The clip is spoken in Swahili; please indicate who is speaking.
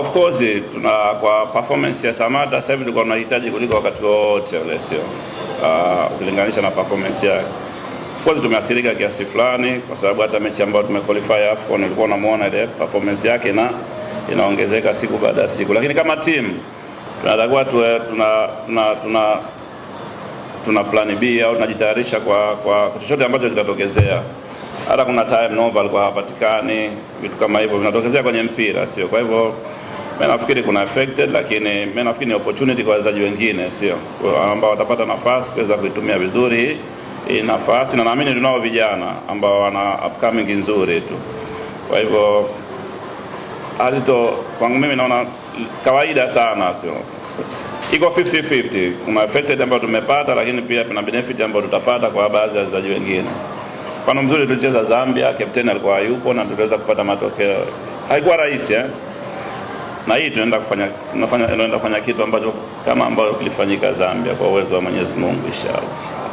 Speaker 1: of course tuna kwa performance ya Samata sasa hivi tulikuwa tunahitaji kuliko wakati wote ule, sio ah, ukilinganisha na performance yake. Of course tumeathirika kiasi fulani, kwa sababu hata mechi ambayo tumequalify AFCON ilikuwa unamuona ile performance yake na inaongezeka siku baada ya siku, lakini kama team tunatakiwa tuna, tuna, tuna, tuna tuna plan B au tunajitayarisha kwa kwa chochote ambacho kitatokezea hata kuna time novel kwa hapatikani, vitu kama hivyo vinatokezea kwenye mpira, sio? Kwa hivyo mimi nafikiri kuna affected, lakini mimi nafikiri ni opportunity kwa wachezaji wengine, sio ambao watapata nafasi kuweza kuitumia vizuri hii nafasi, na naamini tunao vijana ambao wana upcoming nzuri tu. Kwa hivyo alito kwangu mimi naona kawaida sana, sio iko 50-50. Kuna affected ambao tumepata, lakini pia kuna benefit ambao tutapata kwa baadhi ya wachezaji wengine. Mfano mzuri tulicheza Zambia, captain alikuwa hayupo na tuliweza kupata matokeo, haikuwa rahisi eh? na hii tunaenda kufanya, tunafanya, tunaenda kufanya kitu ambacho kama ambayo kilifanyika Zambia kwa uwezo wa Mwenyezi Mungu inshallah.